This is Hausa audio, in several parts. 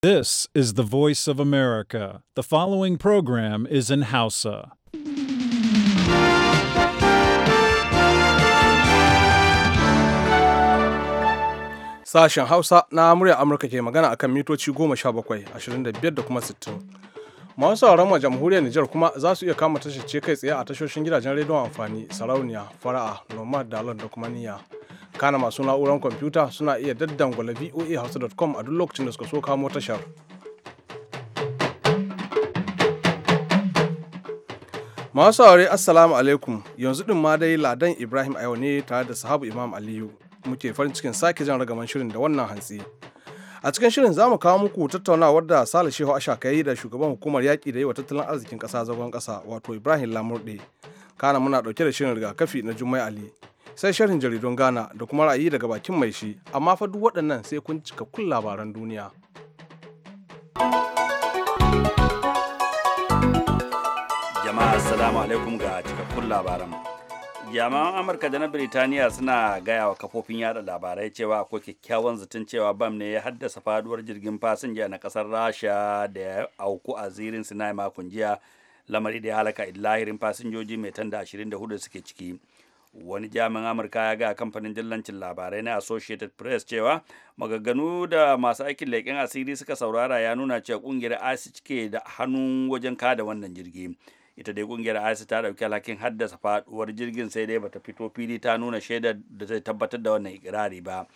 This is the voice of America. The following program is in Hausa. Sashen Hausa na murya Amurka ke magana akan mitoci 17, 25 da kuma 60. Masu sauran jamhuriyar Nijar kuma za su iya kama tashar kai tsaye a tashoshin gidajen rediyon amfani, sarauniya, fara'a, nomad, dalon da kuma niyya. kana masu na'urar kwamfuta suna iya daddangwala voahausa.com a duk lokacin da suka so kamo tashar. Masu aure Assalamu alaikum yanzu din ma dai Ladan Ibrahim a yau ne tare da sahabu Imam Aliyu muke farin cikin sake jan ragaman shirin da wannan hantsi. A cikin shirin za mu kawo muku tattaunawar da Sale Shehu Ashaka yi da shugaban hukumar yaƙi da yi wa tattalin arzikin ƙasa zagon ƙasa wato Ibrahim Lamurɗe. Kana muna ɗauke da shirin rigakafi na Jummai Ali. sai sharhin jaridun Ghana da kuma ra'ayi daga bakin mai shi, amma fa duk waɗannan sai kun cika kun labaran duniya. Jama'a assalamu alaikum ga cikakkun labaran. Jami'an Amurka da na Birtaniya suna gaya wa kafofin yada labarai cewa akwai kyakkyawan zaton cewa bam ne ya haddasa faduwar jirgin fasinja na kasar Rasha da ya auku a zirin Sinai makon jiya lamari da ya halaka lahirin fasinjoji mai tanda 24 suke ciki. wani jami'in amurka ya ga kamfanin dillancin labarai na associated press cewa magaganu da masu aikin leƙen asiri suka saurara ya nuna cewa ƙungiyar isis ke da hannun wajen kada wannan jirgi ita dai ƙungiyar isis ta ɗauki alhakin haddasa faɗuwar jirgin sai dai bata fito fili ta nuna shaidar da zai tabbatar da wannan ikirari ba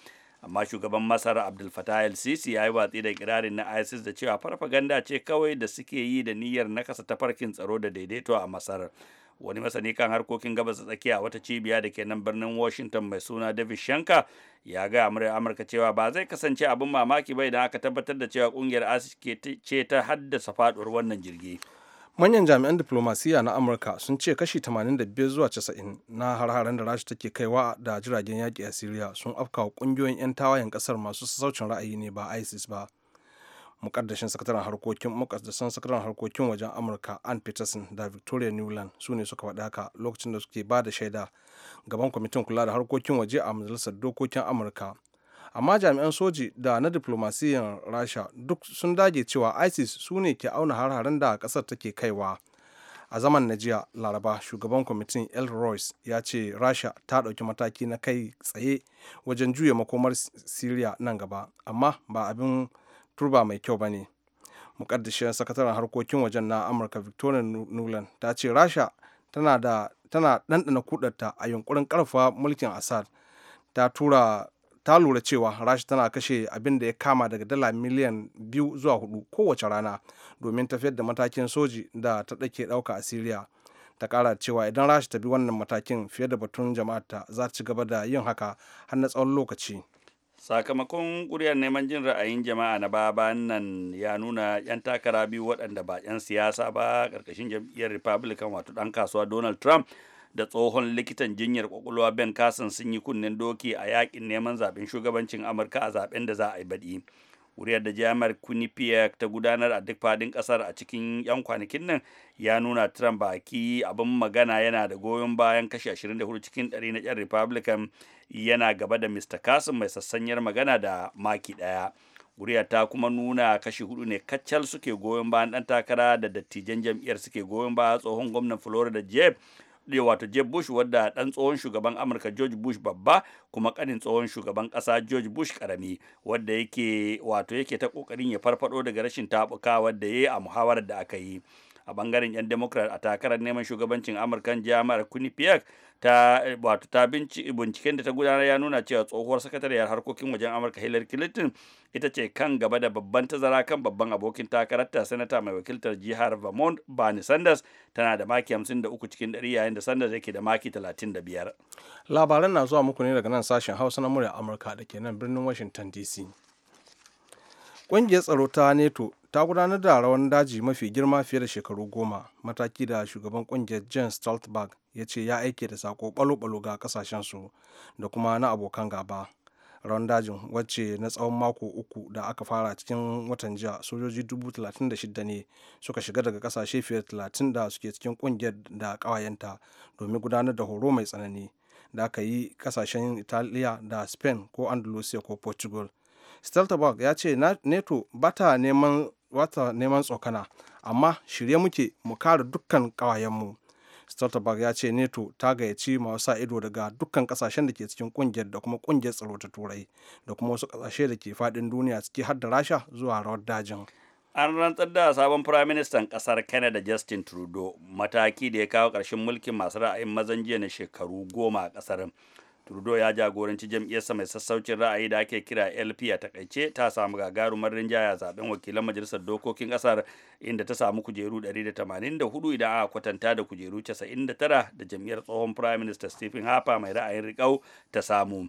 amma shugaban masar abdul fatah el sisi ya yi watsi da ikirarin na isis da cewa farfaganda ce kawai da suke yi da niyyar nakasa tafarkin tsaro da daidaito a masar wani masani kan harkokin gabas da tsakiya wata cibiya da ke nan birnin washington mai suna david shanka ya ga murya amurka cewa ba zai kasance abin mamaki ba idan aka tabbatar da cewa kungiyar asis ce ta haddasa faduwar wannan jirgi manyan jami'an diplomasiya na amurka sun ce kashi 85 zuwa 90 na har-haren da rasha take kaiwa da jiragen yaƙi a syria sun afkawa ƙungiyoyin 'yan tawayen ƙasar masu sassaucin ra'ayi ne ba isis ba mukaddashin sakataren harkokin mukaddasan sakataren harkokin wajen amurka ann peterson da victoria newland su ne suka faɗi haka lokacin da suke ba da shaida gaban kwamitin kula da harkokin waje a majalisar dokokin amurka amma jami'an soji da na diplomasiyyar rasha duk sun dage cewa isis su ne ke auna har-haren da kasar take kaiwa a zaman na jiya laraba shugaban kwamitin el royce ya ce rasha ta ɗauki mataki na kai tsaye wajen juya makomar syria nan gaba amma ba abin turba ba mai kyau ba ne sakataren harkokin wajen na amurka victoria nuland ta ce rasha tana da tana ɗanɗana kudarta a yunkurin karfa mulkin assad ta tura ta lura cewa rasha tana kashe abin da ya kama daga dala miliyan biyu zuwa hudu kowace rana domin tafiyar da matakin soji da ta ɗauke ɗauka a syria ta kara cewa idan rasha ta bi wannan matakin fiye da batun ta za ci gaba da yin haka har na tsawon lokaci sakamakon ƙuri'ar neman jin ra'ayin jama'a na baba nan ya nuna 'yan takara biyu waɗanda ba 'yan siyasa ba ƙarƙashin jam'iyyar republican wato ɗan kasuwa donald trump da tsohon likitan jinyar kwakwalwa ben kasan sun yi kunnen doki a yakin neman zaɓen shugabancin amurka a zaɓen da za a yi baɗi ƙuri'ar da jami'ar quinnipiac ta gudanar a duk fadin ƙasar a cikin 'yan kwanakin nan ya nuna trump baki abin magana yana da goyon bayan kashi 24 cikin 100 na 'yan republican yana gaba da mr kasim mai sassanyar magana da maki daya guriya ta kuma nuna kashi hudu ne kacal suke goyon bayan ɗan takara da dattijan jam'iyyar suke goyon baya tsohon gwamnan florida jeb eh, wato jeb bush wadda dan tsohon shugaban amurka george bush babba kuma kanin tsohon shugaban kasa george bush karami wadda yake wato yake ta kokarin ya farfado daga rashin tabuka wadda yayi a muhawarar da aka yi a bangaren 'yan democrat a takarar neman shugabancin amurkan jami'ar quinnipiac ta wato ta binciken da ta gudanar ya nuna cewa tsohuwar sakatariyar harkokin wajen amurka hillary clinton ita ce kan gaba da babban tazara kan babban abokin takararta sanata mai wakiltar jihar vermont bernie sanders tana da maki 53 cikin 100 yayin da sanders yake da maki 35 labaran na zuwa muku ne daga nan sashen hausa na murya amurka da ke nan birnin washington dc ƙungiyar tsaro ta neto ta gudanar da rawan daji mafi girma fiye da shekaru goma mataki da shugaban kungiyar jen stoltenberg ya ce ya aike da sako balo-balo ga kasashensu da kuma na abokan gaba rawan dajin wacce na tsawon mako uku da aka fara cikin watan jiya sojoji shida ne suka shiga daga kasashe fiye da 30 da suke cikin kungiyar da kawayenta domin gudanar da horo mai tsanani da aka yi kasashen italiya da spain ko andalusia ko portugal steltenberg ya ce neto ba ta neman wata neman tsokana amma shirye muke mu kare dukkan ƙawayenmu stoltenberg ya ce neto ta gayyaci masu sa ido daga dukkan kasashen da ke cikin kungiyar da kuma kungiyar tsaro ta turai da kuma wasu kasashe da ke fadin duniya ciki har da rasha zuwa rawar dajin an rantsar da sabon firaministan kasar canada justin trudeau mataki da ya kawo karshen mulkin masu ra'ayin mazan jiya na shekaru goma a kasar. Trudeau ya jagoranci jam'iyyarsa mai sassaucin ra'ayi da ake kira LP a takaice ta samu gagarumar rinjaya zaben wakilan majalisar dokokin kasar inda ta samu kujeru 184 idan aka kwatanta da kujeru 99 da jam'iyyar tsohon Prime Minister Stephen Harper mai ra'ayin riƙau ta samu.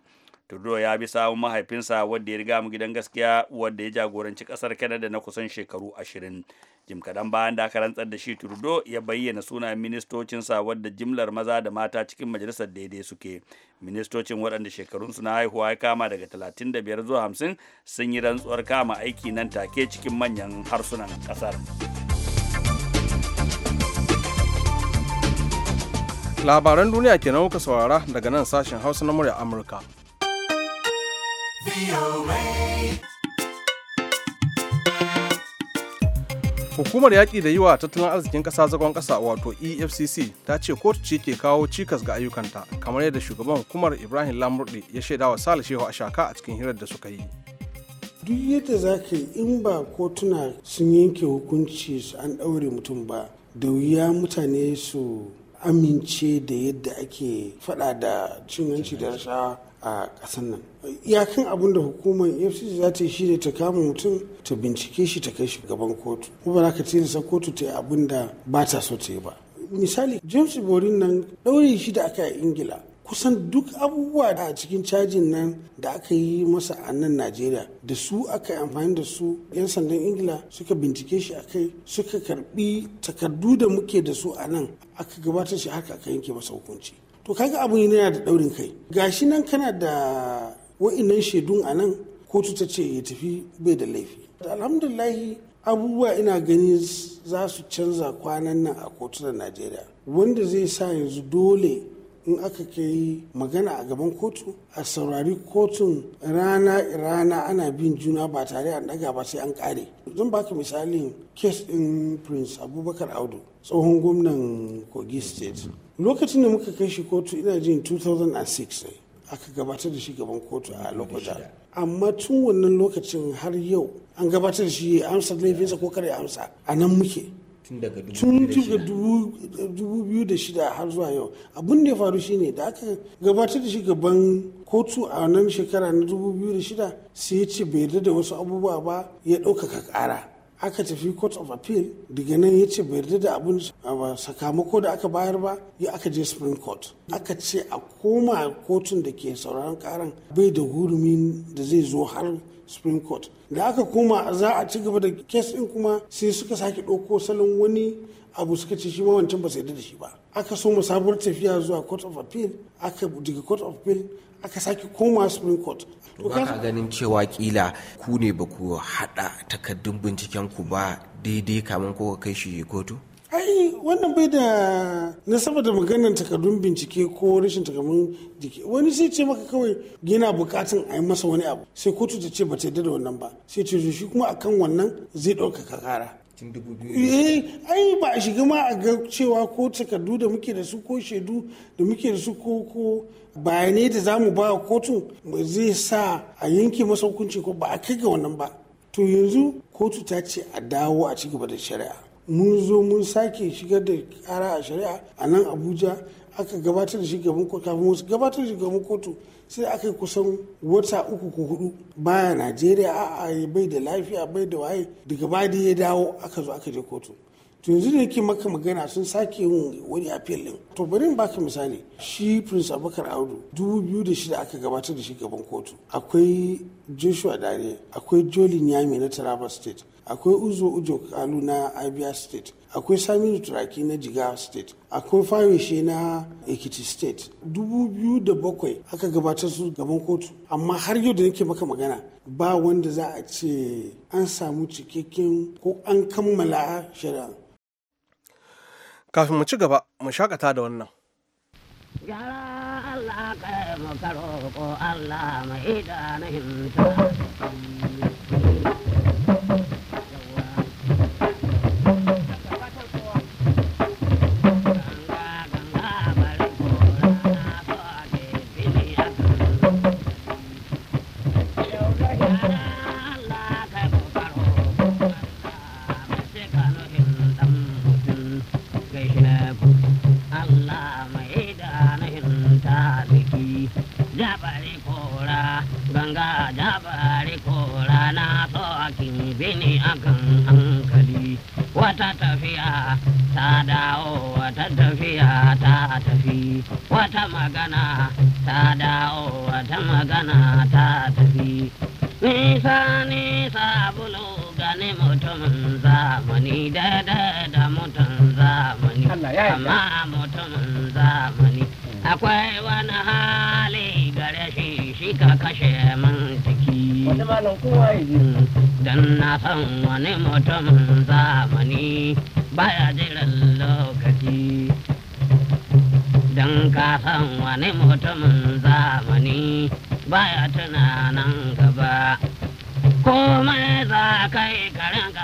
trudeau ya bi sawun mahaifinsa wadda ya riga mu gidan gaskiya wadda ya jagoranci kasar canada na kusan shekaru ashirin jim kaɗan bayan da aka rantsar da shi trudeau ya bayyana sunayen ministocinsa wadda jimlar maza da mata cikin majalisar daidai suke ministocin waɗanda shekarunsu na haihuwa ya kama daga 35 zuwa 50 sun yi rantsuwar kama aiki nan take cikin manyan harsunan ƙasar. labaran duniya kenan kuka saurara daga nan sashen hausa na murya amurka Hukumar yaƙi da yi wa tattalin arzikin ƙasa zagon ƙasa wato EFCC ta ce kotu ce ke kawo cikas ga ayyukanta kamar yadda shugaban hukumar Ibrahim Lamurdi ya shaidawa Sale Shehu Ashaka a cikin hirar da suka yi. duk yadda za ka yi in ba kotuna sun yanke hukunci su an ɗaure mutum ba da wuya mutane su amince da yadda ake faɗa da cin hanci da rashawa a ƙasar nan iyakan abun da hukumar efcc za ta yi ne ta kama mutum ta bincike shi ta kai shi gaban kotu kuma ba za ka tilasta kotu ta yi abun da ba ta so ta yi ba misali james borin nan ɗaure shi da aka yi ingila kusan duk abubuwa da a cikin cajin nan da aka yi masa a nan najeriya da su aka yi amfani da su 'yan sandan ingila suka bincike shi akai suka karbi takardu da muke da su a nan aka gabatar shi haka aka yanke masa hukunci to kaga abun yana da daurin kai gashi nan kana da wa'innan shaidun a nan kotu ta ce ya tafi bai da laifi alhamdulillahi abubuwa ina gani za su canza kwanan nan a kotu kotunan najeriya wanda zai sa yanzu dole in aka kai magana a gaban kotu a saurari kotun rana rana ana bin juna ba tare an daga ba sai an kare zan baka misalin kes din prince abubakar audu tsohon gwamnan kogi state lokacin da muka kai shi kotu ina jin 2006 aka gabatar da shi gaban kotu a lokuta amma tun wannan lokacin har yau an gabatar da shi amsa laifinsa ko kare amsa a nan muke tun daga dubu biyu da shida har zuwa yau abin da ya faru shine da aka gabatar da shi gaban kotu a nan shekara na dubu biyu da shida sai ya ce bai yarda da wasu abubuwa ba ya ɗaukaka ƙara aka tafi court of appeal daga nan ya ce bai yarda da abin sakamako da aka bayar ba ya aka je supreme court aka ce a koma kotun da ke sauraron karan bai da hurumin da zai zo har supreme court da aka koma za a ci gaba da kes din kuma sai suka sake ɗauko salon wani abu suka ce shi ma wancan ba sai da shi ba aka so sabuwar tafiya zuwa court of appeal aka daga court of appeal aka sake koma supreme court to ka ganin cewa kila ku ne ba ku hada takardun binciken ku ba daidai kamun ko ka kai shi kotu ai wannan bai da na da maganar takardun bincike ko rashin takardun jiki wani sai ce maka kawai yana bukatun a yi masa wani abu sai kotu ta ce ba ta yarda da wannan ba sai ce shi kuma akan wannan zai ɗaukaka kara eh ai ba a shiga ma a ga cewa ko takardu da muke da su ko shaidu da muke da su ko ko bayanai da za mu ba kotu zai sa a yanke masa hukunci ko ba a kai ga wannan ba to yanzu kotu ta ce a dawo a cigaba da shari'a mun zo mun sake shigar da kara a shari'a a nan abuja aka gabatar da shi gaban kotu kafin wasu gabatar da shi gaban kotu sai aka yi kusan wata uku ko hudu baya najeriya a bai da lafiya bai da waye daga badi ya dawo aka zo aka je kotu to yanzu da yake maka magana sun sake yin wani appeal din to bari in baka misali shi prince abubakar audu dubu biyu da shida aka gabatar da shi gaban kotu akwai joshua dare akwai jolin yami na taraba state akwai uzo ujo kalu na abia state akwai saminu turaki na jiga state akwai shi na ekiti state dubu biyu da bakwai aka gabatar su gaban kotu amma har yau da nake maka magana ba wanda za a ce an samu cikakken ko an kammala shari'a Kafin mu ci gaba, mu shakata da wannan. Yara Allah kai mu karo Allah mai da himta. ne akan hankali wata tafiya ta dawo wata tafiya ta tafi wata magana ta dawo wata magana ta tafi nisa nisa bulu gani mutumin zamani daidai da mutum zamani amma mutumin zamani akwai wani hali gare shi shi ka kashe man ciki don na san wani mutum zamani baya jiran lokaci don ka san wani mutum zamani baya tunanan gaba komai za kai karin ka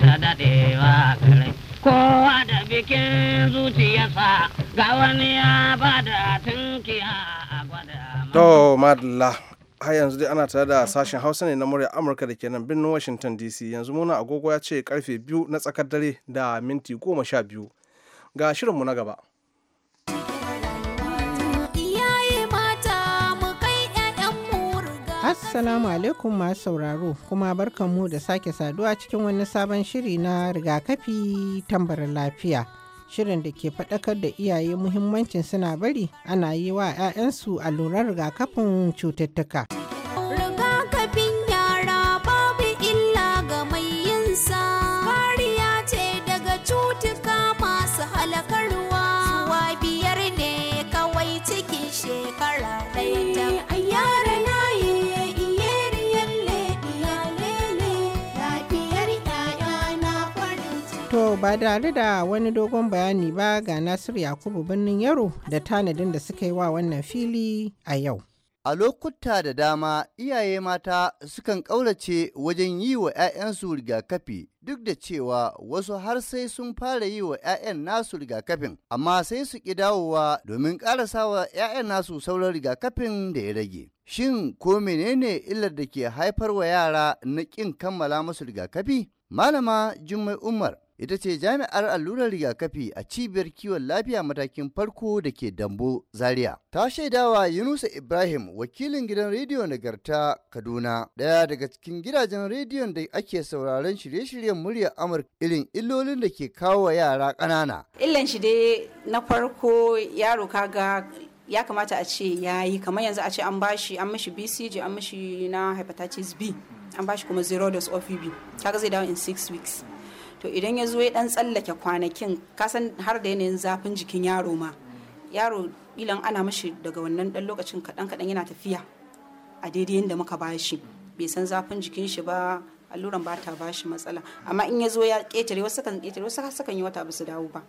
ta dadewa kare kowa da bikin zuciyarsa ga wani ya da tunkiya a gwada to madalla har yanzu dai ana tare da sashen hausa ne na murya amurka da ke nan birnin washington dc yanzu muna agogo ya ce karfe biyu na tsakar dare da minti goma sha biyu ga shirinmu na gaba Assalamu alaikum masu sauraro kuma barkanmu da sake saduwa cikin wani sabon shiri na rigakafi tambarin lafiya. Shirin da ke faɗakar da iyaye muhimmancin suna bari ana yi wa 'ya'yansu allurar rigakafin cututtuka. ba tare da wani dogon bayani ba ga Nasiru Yakubu birnin Yaro da tanadin da suka yi wa wannan fili a yau. A lokuta da dama iyaye mata sukan ƙaurace wajen yi wa 'ya'yansu rigakafi duk da cewa wasu har sai sun fara yi wa 'ya'yan nasu rigakafin, amma sai su ki dawowa domin wa 'ya'yan nasu sauran rigakafin da ya rage. Shin ko menene illar da ke haifar wa yara na ƙin kammala musu rigakafi? Malama Jummai Umar ita ce jami'ar allurar rigakafi a cibiyar kiwon lafiya matakin farko da ke dambo zaria ta shaidawa yunusa ibrahim wakilin gidan rediyo nagarta kaduna daya daga cikin gidajen rediyon da ake sauraron shirye-shiryen muryar amurka irin illolin da ke kawo yara ƙanana illan shi dai na farko yaro kaga ya kamata a ce ya yi kamar yanzu a ce an bashi an mishi bcg an mishi na hepatitis b an bashi kuma zero dose opv kaga zai dawo in six weeks to idan ya zo ya dan tsallake kwanakin kasan har da yanayin zafin jikin yaro ma yaro ilan ana mashi daga wannan dan lokacin kadan kadan yana tafiya a daidai yadda muka bashi bai san zafin jikin shi ba alluran ba ta bashi matsala amma in ya zo ya ketare wasu kan ketare wasu yi wata ba su dawo ba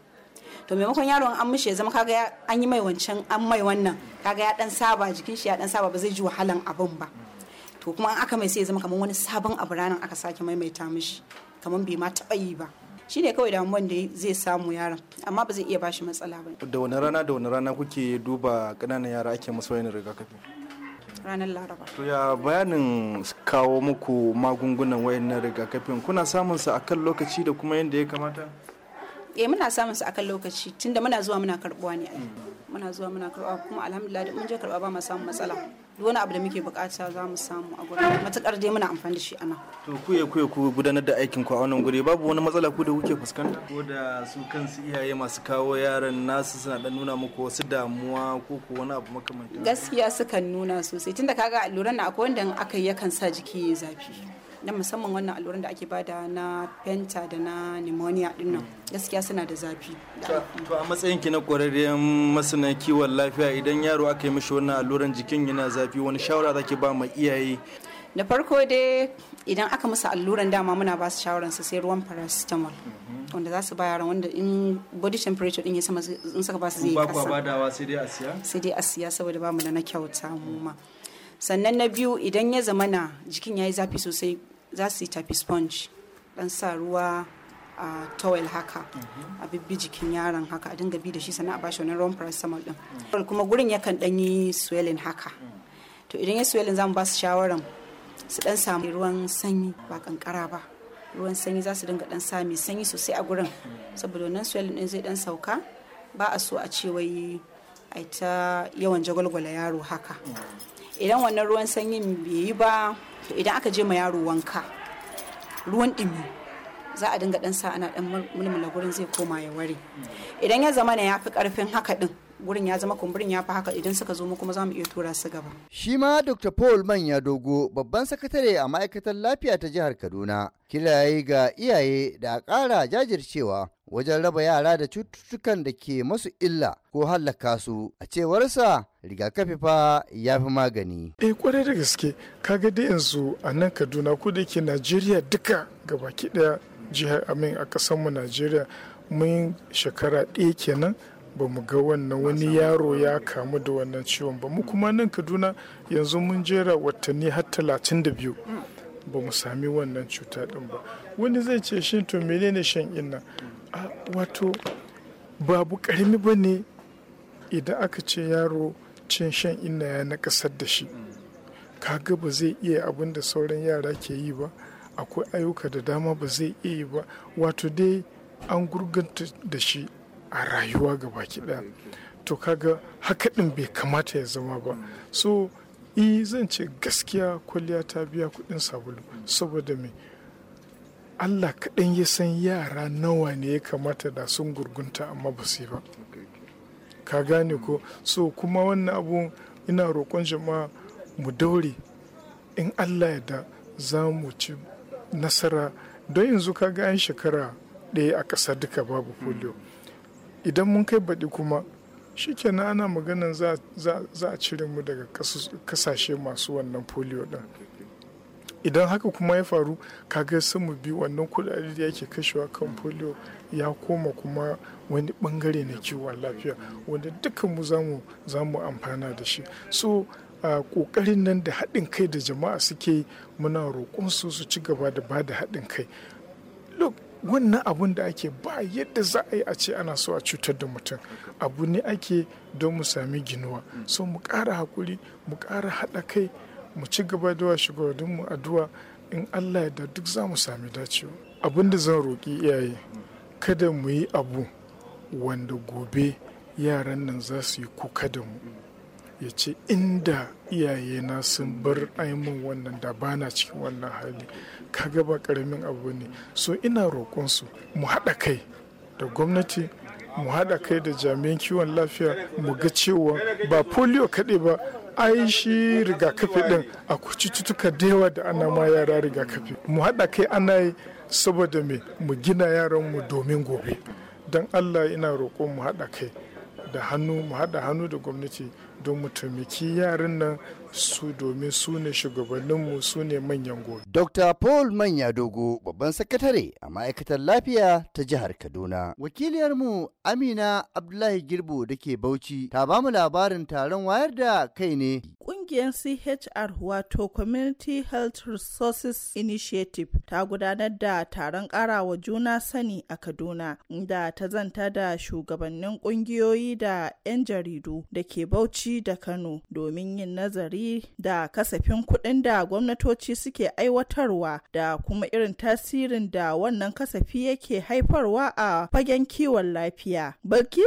to maimakon yaro an mishi ya zama kaga an yi mai wancan an mai wannan kaga ya dan saba jikin shi ya dan saba ba zai ji wahalan abun ba to kuma an aka mai sai ya zama kamar wani sabon abu ranan aka sake maimaita mishi kamar bai ma taɓa yi ba shi ne kawai damuwan da zai samu yaron amma ba zai iya bashi matsala ba da wani rana da wani rana kuke duba ƙananan yara ake musu wani rigakafi ranar laraba to ya bayanin kawo muku magungunan wayannan rigakafin kuna samun su akan lokaci da kuma yadda ya kamata eh muna samun su akan lokaci tunda muna zuwa muna karbuwa ne muna zuwa muna karbuwa kuma alhamdulillah mun je karba ba mu samu matsala duk wani abu da muke bukata za mu samu a gurin matukar dai muna amfani da shi a nan to ku ya ku gudanar da aikin ku a wannan guri babu wani matsala ku da kuke fuskanta ko da su kansu iyaye masu kawo yaran nasu suna dan nuna muku wasu damuwa ko ko wani abu makamantan gaskiya sukan nuna sosai tunda kaga alluran na akwai wanda aka yi yakan sa jiki ya zafi na musamman wannan alluran da ake bada na penta da na pneumonia din nan gaskiya suna da zafi to a matsayin ki na ƙwararren masana kiwon lafiya idan yaro aka yi mishi wannan alluran jikin yana zafi wani shawara zaki ba ma iyaye da farko dai idan aka musu alluran dama muna ba su shawaran su sai ruwan paracetamol mhm. wanda za su ba yaran wanda in body temperature din ya sama in suka ba su zai kasa ba badawa sai dai a siya sai dai a siya saboda bamu da na kyauta mu ma sannan na biyu idan ya zamana jikin ya yi zafi sosai za su yi tafi sponge dan sa ruwa a towel haka a bibbi jikin yaron haka a dinga bi da shi sannan a bashi wani ron paracetamol din mm. kuma gurin yakan dan yi swelling haka mm. to idan ya swelling zamu ba su shawaran su dan samu ruwan sanyi ba kankara ba ruwan sanyi za su dinga dan sa mai sanyi sosai a gurin mm. saboda wannan swelling din zai dan sauka ba a so a ce wai ai ta yawan jagwalgwala yaro haka idan wannan ruwan sanyin bai yi ba to idan aka je ma yaro wanka ruwan ɗumi za a dinga ɗan sa ana ɗan mulmula gurin zai koma ya ware idan ya zama na ya fi ƙarfin haka ɗin gurin ya zama kumburin ya fi haka idan suka zo mu kuma za mu iya tura su gaba. Shi ma Dr. Paul Manya Dogo babban sakatare a ma'aikatar lafiya ta jihar Kaduna kilaye ga iyaye da ƙara jajircewa wajen raba yara da cututtukan da ke masu illa ko hallaka su a cewarsa rigakafi fa ya fi magani. Eh kwarai da gaske kaga da yanzu a nan Kaduna ko da ke Najeriya duka gabaki ɗaya jihar Amin a mu Najeriya mun shekara ɗaya kenan ba mu ga wannan wani yaro ya kamu da wannan ciwon ba mu kuma nan kaduna yanzu mun jera watanni har talatin da biyu ba mu sami wannan cuta din ba wani zai ce shi to menene shan inna a wato babu karmi ba ne idan aka ce yaro cin shan inna ya nakasar da shi kaga ba zai iya abin da sauran yara ke yi ba akwai ayyuka da dama ba zai iya yi ba wato dai an gurganta da shi a rayuwa ga baki ɗaya to kaga haka ɗin bai kamata ya zama ba so i zan ce gaskiya kwalliya ta biya kuɗin sabulu saboda mai allah kaɗan ya san yara nawa ne ya kamata da sun gurgunta amma ba su ba ka gane ko so kuma wannan abu ina roƙon jama'a mu daure in allah ya da za mu ci nasara don yanzu ka ga an shekara ɗaya a ƙasa duka babu polio idan mun kai baɗi kuma shi kenan ana maganan za a cire mu daga kasashe masu wannan polio ɗin idan haka kuma ya faru kaga ga mu bi wannan kudade da yake kashewa kan polio ya koma kuma wani bangare na kiwon lafiya wanda dukkan mu za mu amfana da shi so a kokarin nan da haɗin kai da jama'a suke muna roƙon su su ci gaba da ba da haɗin kai wannan abun da ake ba yadda za a yi a ce ana so a cutar da mutum abu ne ake don mu sami ginuwa so mu ƙara hakuri mu ƙara haɗa kai mu ci gaba da mu addu'a in allah ya da duk za mu sami dacewa abin da zan roƙi iyaye kada mu yi abu wanda gobe yaran nan za su yi kuka da mu ya ce inda iyayena sun bar aimin wannan da bana cikin wannan hali kaga ba karamin abu ne so ina roƙonsu mu haɗa kai da gwamnati mu haɗa kai da jami'an kiwon lafiya mu ga cewa ba polio kaɗai ba ai shi rigakafi ɗin akwai cututtuka da yawa da ana ma yara rigakafi mu haɗa kai ana yi saboda me mu gina yaranmu domin gobe don allah ina roƙon mu haɗa kai da hannu mu haɗa hannu da gwamnati don mu taimaki yaran nan su domin su ne shugabanninmu su ne manyan gobe. Dr. Paul Manya Dogo babban sakatare a ma'aikatar lafiya ta jihar Kaduna. Wakiliyar mu, Amina Abdullahi Girbo da ke Bauchi ta ba mu labarin taron wayar da kai ne. Ƙungiyar CHR wato Community Health Resources Initiative ta gudanar da taron ƙarawa juna sani a Kaduna inda ta zanta da shugabannin ƙungiyoyi da 'yan jaridu da ke Bauchi da Kano domin yin nazari da kasafin kuɗin da gwamnatoci suke aiwatarwa da kuma irin tasirin da wannan kasafi yake haifarwa a fagen kiwon lafiya.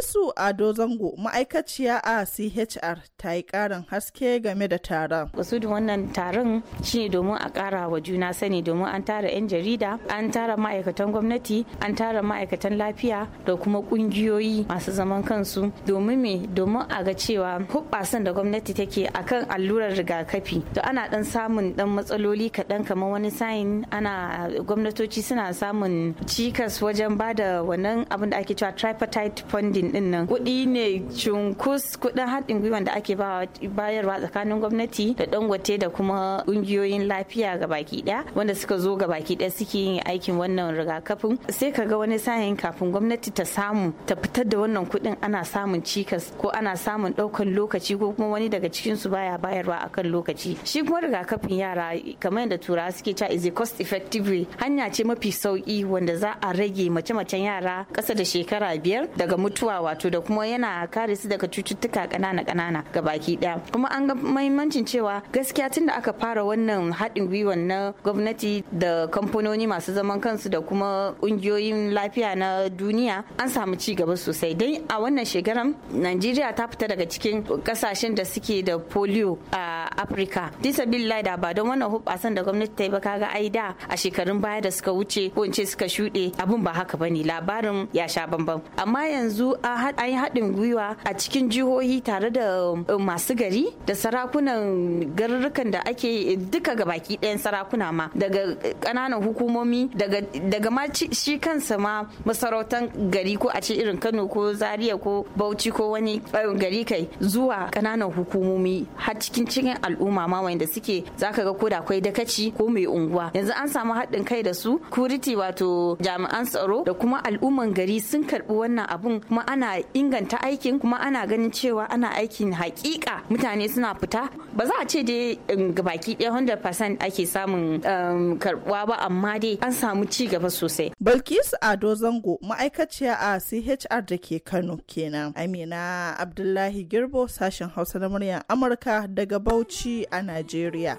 su Ado Zango ma'aikaciya a CHR ta yi ƙarin haske game da taron. Wasu wannan taron shine domin a ƙara wa juna sani domin an tara 'yan jarida, an tara ma'aikatan gwamnati, an tara ma'aikatan lafiya da kuma ƙungiyoyi masu zaman kansu domin me domin a ga cewa hubbasan da gwamnati take akan allura allurar rigakafi to ana dan samun dan matsaloli kaɗan kamar wani sayin ana gwamnatoci suna samun cikas wajen ba da wannan abin da ake cewa tripartite funding din nan kuɗi ne cunkus kuɗin haɗin gwiwa da ake bayarwa tsakanin gwamnati da dangote da kuma ƙungiyoyin lafiya ga baki ɗaya wanda suka zo ga baki ɗaya suke yin aikin wannan rigakafin sai ka ga wani sayin kafin gwamnati ta samu ta fitar da wannan kuɗin ana samun cikas ko ana samun ɗaukan lokaci ko kuma wani daga cikinsu baya bayarwa ba kan lokaci shi kuma rigakafin yara kamar yadda tura suke cewa is a cost effective way hanya ce mafi sauki wanda za a rage mace-macen yara kasa da shekara biyar daga mutuwa wato da kuma yana kare su daga cututtuka kanana kanana ga baki daya kuma an ga mahimmancin cewa gaskiya tun da aka fara wannan haɗin gwiwan na gwamnati da kamfanoni masu zaman kansu da kuma ƙungiyoyin lafiya na duniya an samu ci gaba sosai dai a wannan shekaran najeriya ta fita daga cikin ƙasashen da suke da polio a a afirka disabillahi da ba don wannan hubasan da gwamnati ta yi ba kaga ai da a shekarun baya da suka wuce ko in ce suka shuɗe abun ba haka bane labarin ya sha bambam amma yanzu an yi haɗin gwiwa a cikin jihohi tare da um, masu gari da sarakunan garurrukan da ake duka ga baki ɗayan sarakuna ma daga eh, ƙananan hukumomi daga ma shi kansa ma masarautan gari ko a ce irin kano ko zaria ko bauchi ko wani eh, gari kai zuwa ƙananan hukumomi har cikin cikin al'umma ma wanda suke zaka ga koda akwai dakaci ko mai unguwa yanzu an samu haɗin kai da su kuriti wato jami'an tsaro da kuma al'umman gari sun karɓi wannan abun kuma ana inganta aikin kuma ana ganin cewa ana aikin hakika mutane suna fita ba za a ce dai um, gabaki ɗaya 100% ake samun um, karɓuwa ba amma dai an samu ci gaba sosai. Balkis Ado Zango ma'aikaciya a CHR da ke Kano kenan. Amina Abdullahi Girbo sashen Hausa na muryar Amurka daga Bauchi a Najeriya.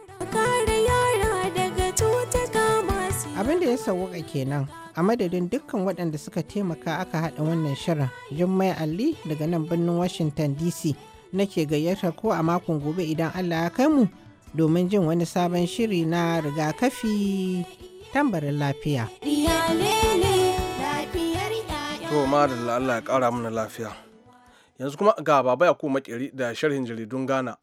Abin da ya sauwaka kenan a madadin dukkan waɗanda suka taimaka aka haɗa wannan shirin Jummai Ali daga nan birnin Washington DC nake gayyata ko a makon gobe idan Allah ya kai mu domin jin wani sabon shiri na rigakafi tambarin lafiya. To ma da Allah ya ƙara mana lafiya. Yanzu kuma ga baba ya ko makeri da sharhin jaridun Ghana.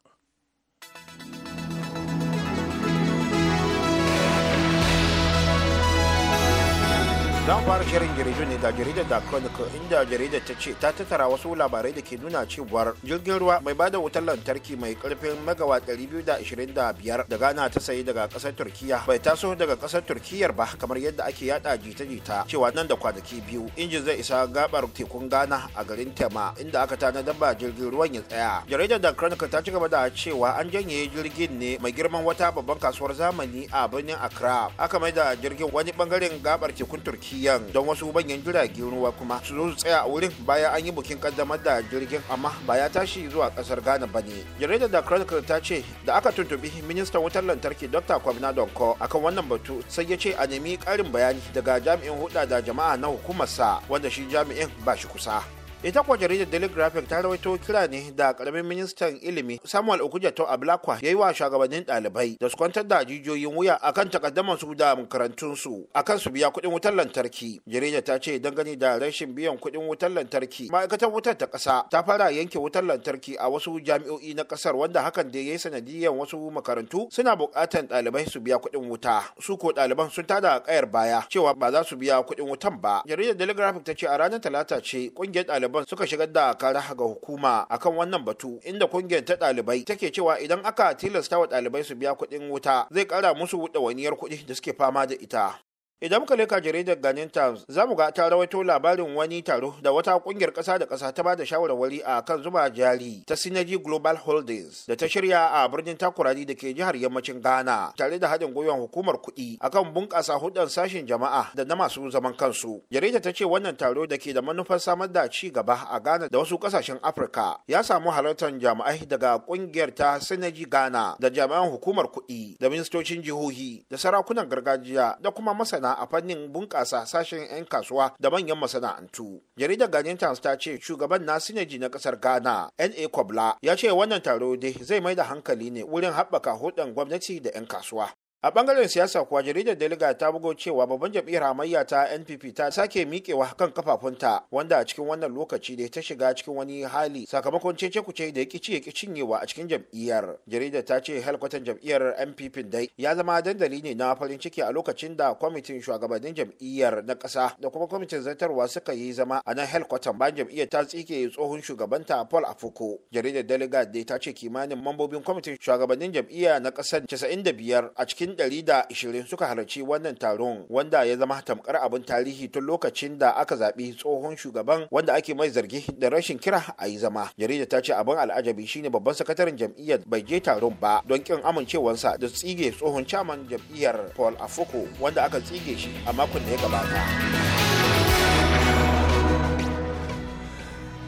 zan fara shirin jaridu ne da jaridar da chronicle inda jaridar ta ce ta tattara wasu labarai da ke nuna cewar jirgin ruwa mai bada wutar lantarki mai karfin ɗari 225 da ghana ta sayi daga kasar turkiya bai taso daga kasar turkiya ba kamar yadda ake yada jita-jita cewa nan da kwanaki biyu injin zai isa gabar tekun ghana a garin tema inda aka tana ba jirgin ruwan ya tsaya jaridar da chronicle ta ci gaba da cewa an janye jirgin ne mai girman wata babban kasuwar zamani a birnin accra aka mai da jirgin wani bangaren gabar tekun turkiya Pyongyang don wasu manyan jiragen ruwa kuma su zo su tsaya a wurin bayan an yi bukin kaddamar da jirgin amma ba ya tashi zuwa kasar Ghana ba ne. Jaridar da Chronicle ta ce da aka tuntubi ministan wutar lantarki Dr. Kwabna Donko akan wannan batu sai ya ce a nemi karin bayani daga jami'in hulɗa da jama'a na hukumarsa wanda shi jami'in ba shi kusa. ita kuwa jaridar daily graphic ta rawaito kira ne da karamin ministan ilimi samuel okujato ablakwa ya yi wa shugabannin ɗalibai da su kwantar da jijiyoyin wuya akan takaddamar su da makarantunsu akan su biya kuɗin wutar lantarki jaridar ta ce gani da rashin biyan kuɗin wutar lantarki ma'aikatar wutar ta kasa ta fara yanke wutar lantarki a wasu jami'o'i na kasar wanda hakan da ya yi sanadiyyar wasu makarantu suna bukatan ɗalibai su biya kuɗin wuta su ko ɗaliban sun tada kayar baya cewa ba za su biya kuɗin wutan ba jaridar daily graphic ta ce a ranar talata ce ƙungiyar ɗalibai ɗaliban suka shigar da kara ga hukuma akan wannan batu inda kungiyar ta ɗalibai take cewa idan aka tilasta wa ɗalibai su biya kuɗin wuta zai kara musu waniyar kuɗi da suke fama da ita Idan muka leka jaridar Ganin Times, za mu ga ta rawaito labarin wani taro da wata kungiyar ƙasa da ƙasa ta ba da shawarwari a kan zuba jari ta Synergy Global Holdings da ta shirya a birnin Takoradi da ke jihar yammacin Ghana tare da haɗin gwiwar hukumar kuɗi akan bunƙasa hudan sashen jama'a da na masu zaman kansu. Jaridar ta ce wannan taro da ke da manufar samar da ci gaba a Ghana da wasu ƙasashen Afirka ya samu halartar jama'ai daga kungiyar ta Synergy Ghana da jami'an hukumar kuɗi da ministocin jihohi da sarakunan gargajiya da kuma masana masana a fannin bunƙasa sashen 'yan kasuwa da manyan masana'antu. Jaridar Ghanaian Times ta ce shugaban na Sinaji na ƙasar Ghana, N.A. Kwabla, ya ce wannan taro dai zai mai da hankali ne wurin haɓaka hudun gwamnati da 'yan kasuwa. a bangaren siyasa kuwa jaridar deliga ta bugo cewa babban jam'iyyar hamayya ta npp ta sake miƙewa kan kafafunta wanda a cikin wannan lokaci da ta shiga cikin wani hali sakamakon cece kuce da ya kici ya cinyewa a cikin jam'iyyar jaridar ta ce helkwatan jam'iyyar npp dai ya zama dandali ne na farin ciki a lokacin da kwamitin shugabannin jam'iyyar na ƙasa da kuma kwamitin zartarwa suka yi zama a nan helkwatan bayan jam'iyyar ta tsike tsohon shugabanta paul afuko jaridar Daliga dai ta ce kimanin mambobin kwamitin shugabannin jam'iyya na ƙasar 95 a cikin da 120 suka halarci wannan taron wanda ya zama tamkar abin tarihi tun lokacin da aka zaɓi tsohon shugaban wanda ake mai zargi da rashin kira a yi zama jarida ta ce abin al'ajabi shine babban sakataren jam'iyyar bai je taron ba don kin amincewarsa da tsige tsohon caman jam'iyyar paul afoko wanda aka tsige shi a makon da ya gabata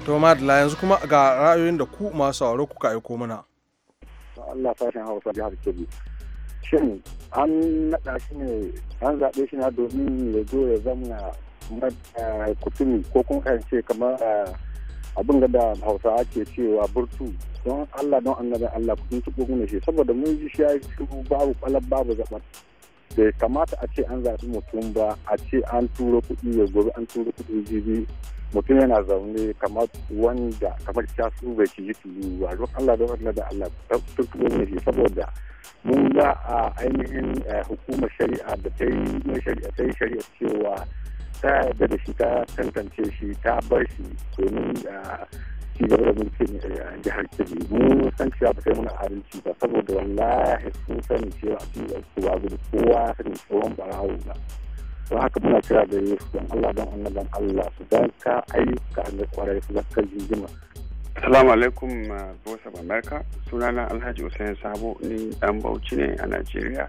to madala yanzu kuma ga ra'ayoyin da ku masu sauraro kuka aiko mana Allah Hausa jihar shin an naɗa shi ne an zaɓe shi na domin ya zo ya zamna kutumi ko kuma kan ce kamar ah, abin da hausawa ke cewa burtu don allah don annabin allah kutun tuɓo shi saboda mun ji shi ya yi babu kwalab babu zaɓar bai kamata a ce an zaɓi mutum ba a ce an turo kuɗi ya gobe an turo kuɗi jibi mutum yana zaune kamar wanda kamar su bai ci ji tulu ba don Allah da na da Allah tuttuɓo ne shi saboda mun ga a ainihin eh, hukumar shari'a da ta yi shari'a ta yi shari'a cewa ta yarda da shi ta tantance shi ta bar shi domin ah, ci gaba da a eh, jihar Kebbi mu san cewa ba sai muna adalci ba saboda wallahi sun sani cewa a cikin kowa gudu kowa sani tsohon barawo ba don haka muna kira da yesu don Allah don annaban Allah su dan ka ayyuka da kwarai su zakar jinjima. Assalamu alaikum Voice uh, of sunana Alhaji Usain Sabo ni dan Bauchi ne a Najeriya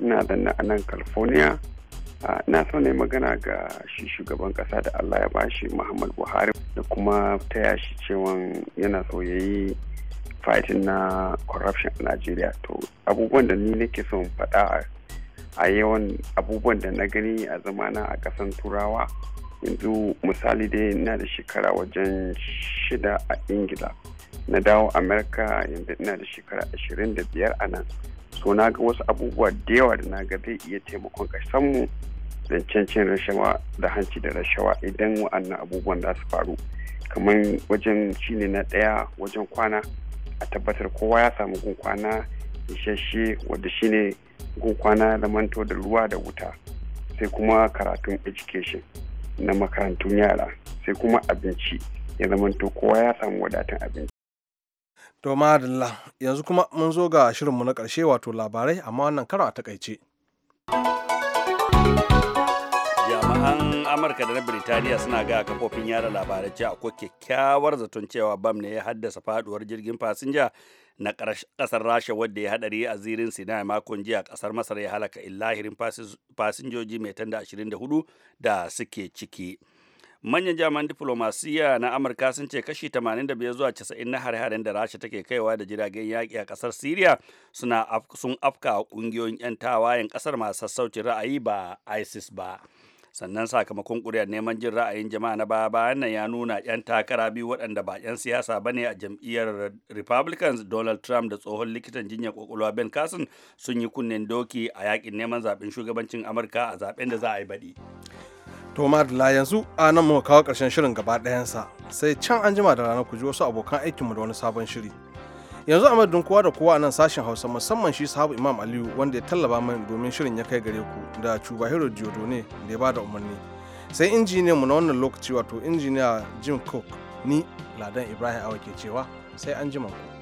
ina da na anan California na so ne magana ga shi shugaban kasa da allah ya bashi muhammad buhari da kuma ta yashi cewan yana so ya yi fighting na corruption a najeriya to abubuwan da ni nake son faɗa a yawan abubuwan da na gani a zamana a ƙasan turawa yanzu misali dai ina da shekara wajen shida a ingila na dawo amerika yanzu ina da shekara ashirin da biyar a nan so na ga wasu abubuwa da yawa da na ga zai iya taimakon mu zancen rashawa da hanci da rashawa idan wa'annan abubuwan za su faru kamar wajen shine na ɗaya wajen kwana a tabbatar kowa ya samu gun kwana isasshe wadda shine gun kwana da manto da ruwa da wuta sai kuma karatun education na makarantun yara sai kuma abinci ya zamanto kowa ya samu wadatan abinci to madalla yanzu kuma mun zo ga shirinmu na ƙarshe wato labarai amma wannan karo a takaice amurka da na birtaniya suna ga kafofin yada labarai cewa akwai kyakkyawar zaton cewa bam ne ya haddasa faduwar jirgin fasinja na kasar rasha wadda ya hadari a zirin sinai makon jiya kasar masar ya halaka illahirin fasinjoji mai tanda 24 da suke ciki manyan jami'an diflomasiyya na amurka sun ce kashi 85 zuwa 90 na hare-haren da rasha take kaiwa da jiragen yaƙi a kasar siriya suna sun afka a ƙungiyoyin 'yan tawayen kasar masu sassaucin ra'ayi ba isis ba sannan sakamakon ƙuri'ar neman jin ra'ayin jama'a na baya bayan nan ya nuna 'yan takara biyu waɗanda ba 'yan siyasa ba ne a jam'iyyar republicans donald trump da tsohon likitan jinya kwakwalwa ben carson sun yi kunnen doki a yakin neman zaɓen shugabancin amurka a zaɓen da za a yi baɗi to madalla yanzu a nan muka kawo ƙarshen shirin gaba ɗayansa sai can an jima da ranar ku ji wasu abokan aikinmu da wani sabon shiri yanzu a madadin kowa da kowa a nan sashen hausa musamman shi sahabu imam aliyu wanda ya tallaba min domin shirin ya kai gare ku da cubahiro ne da ya ba da umarni sai injiniyan mu na wannan lokaci wato injiniya jim cook ni ladan ibrahim awa ke cewa sai an jima ku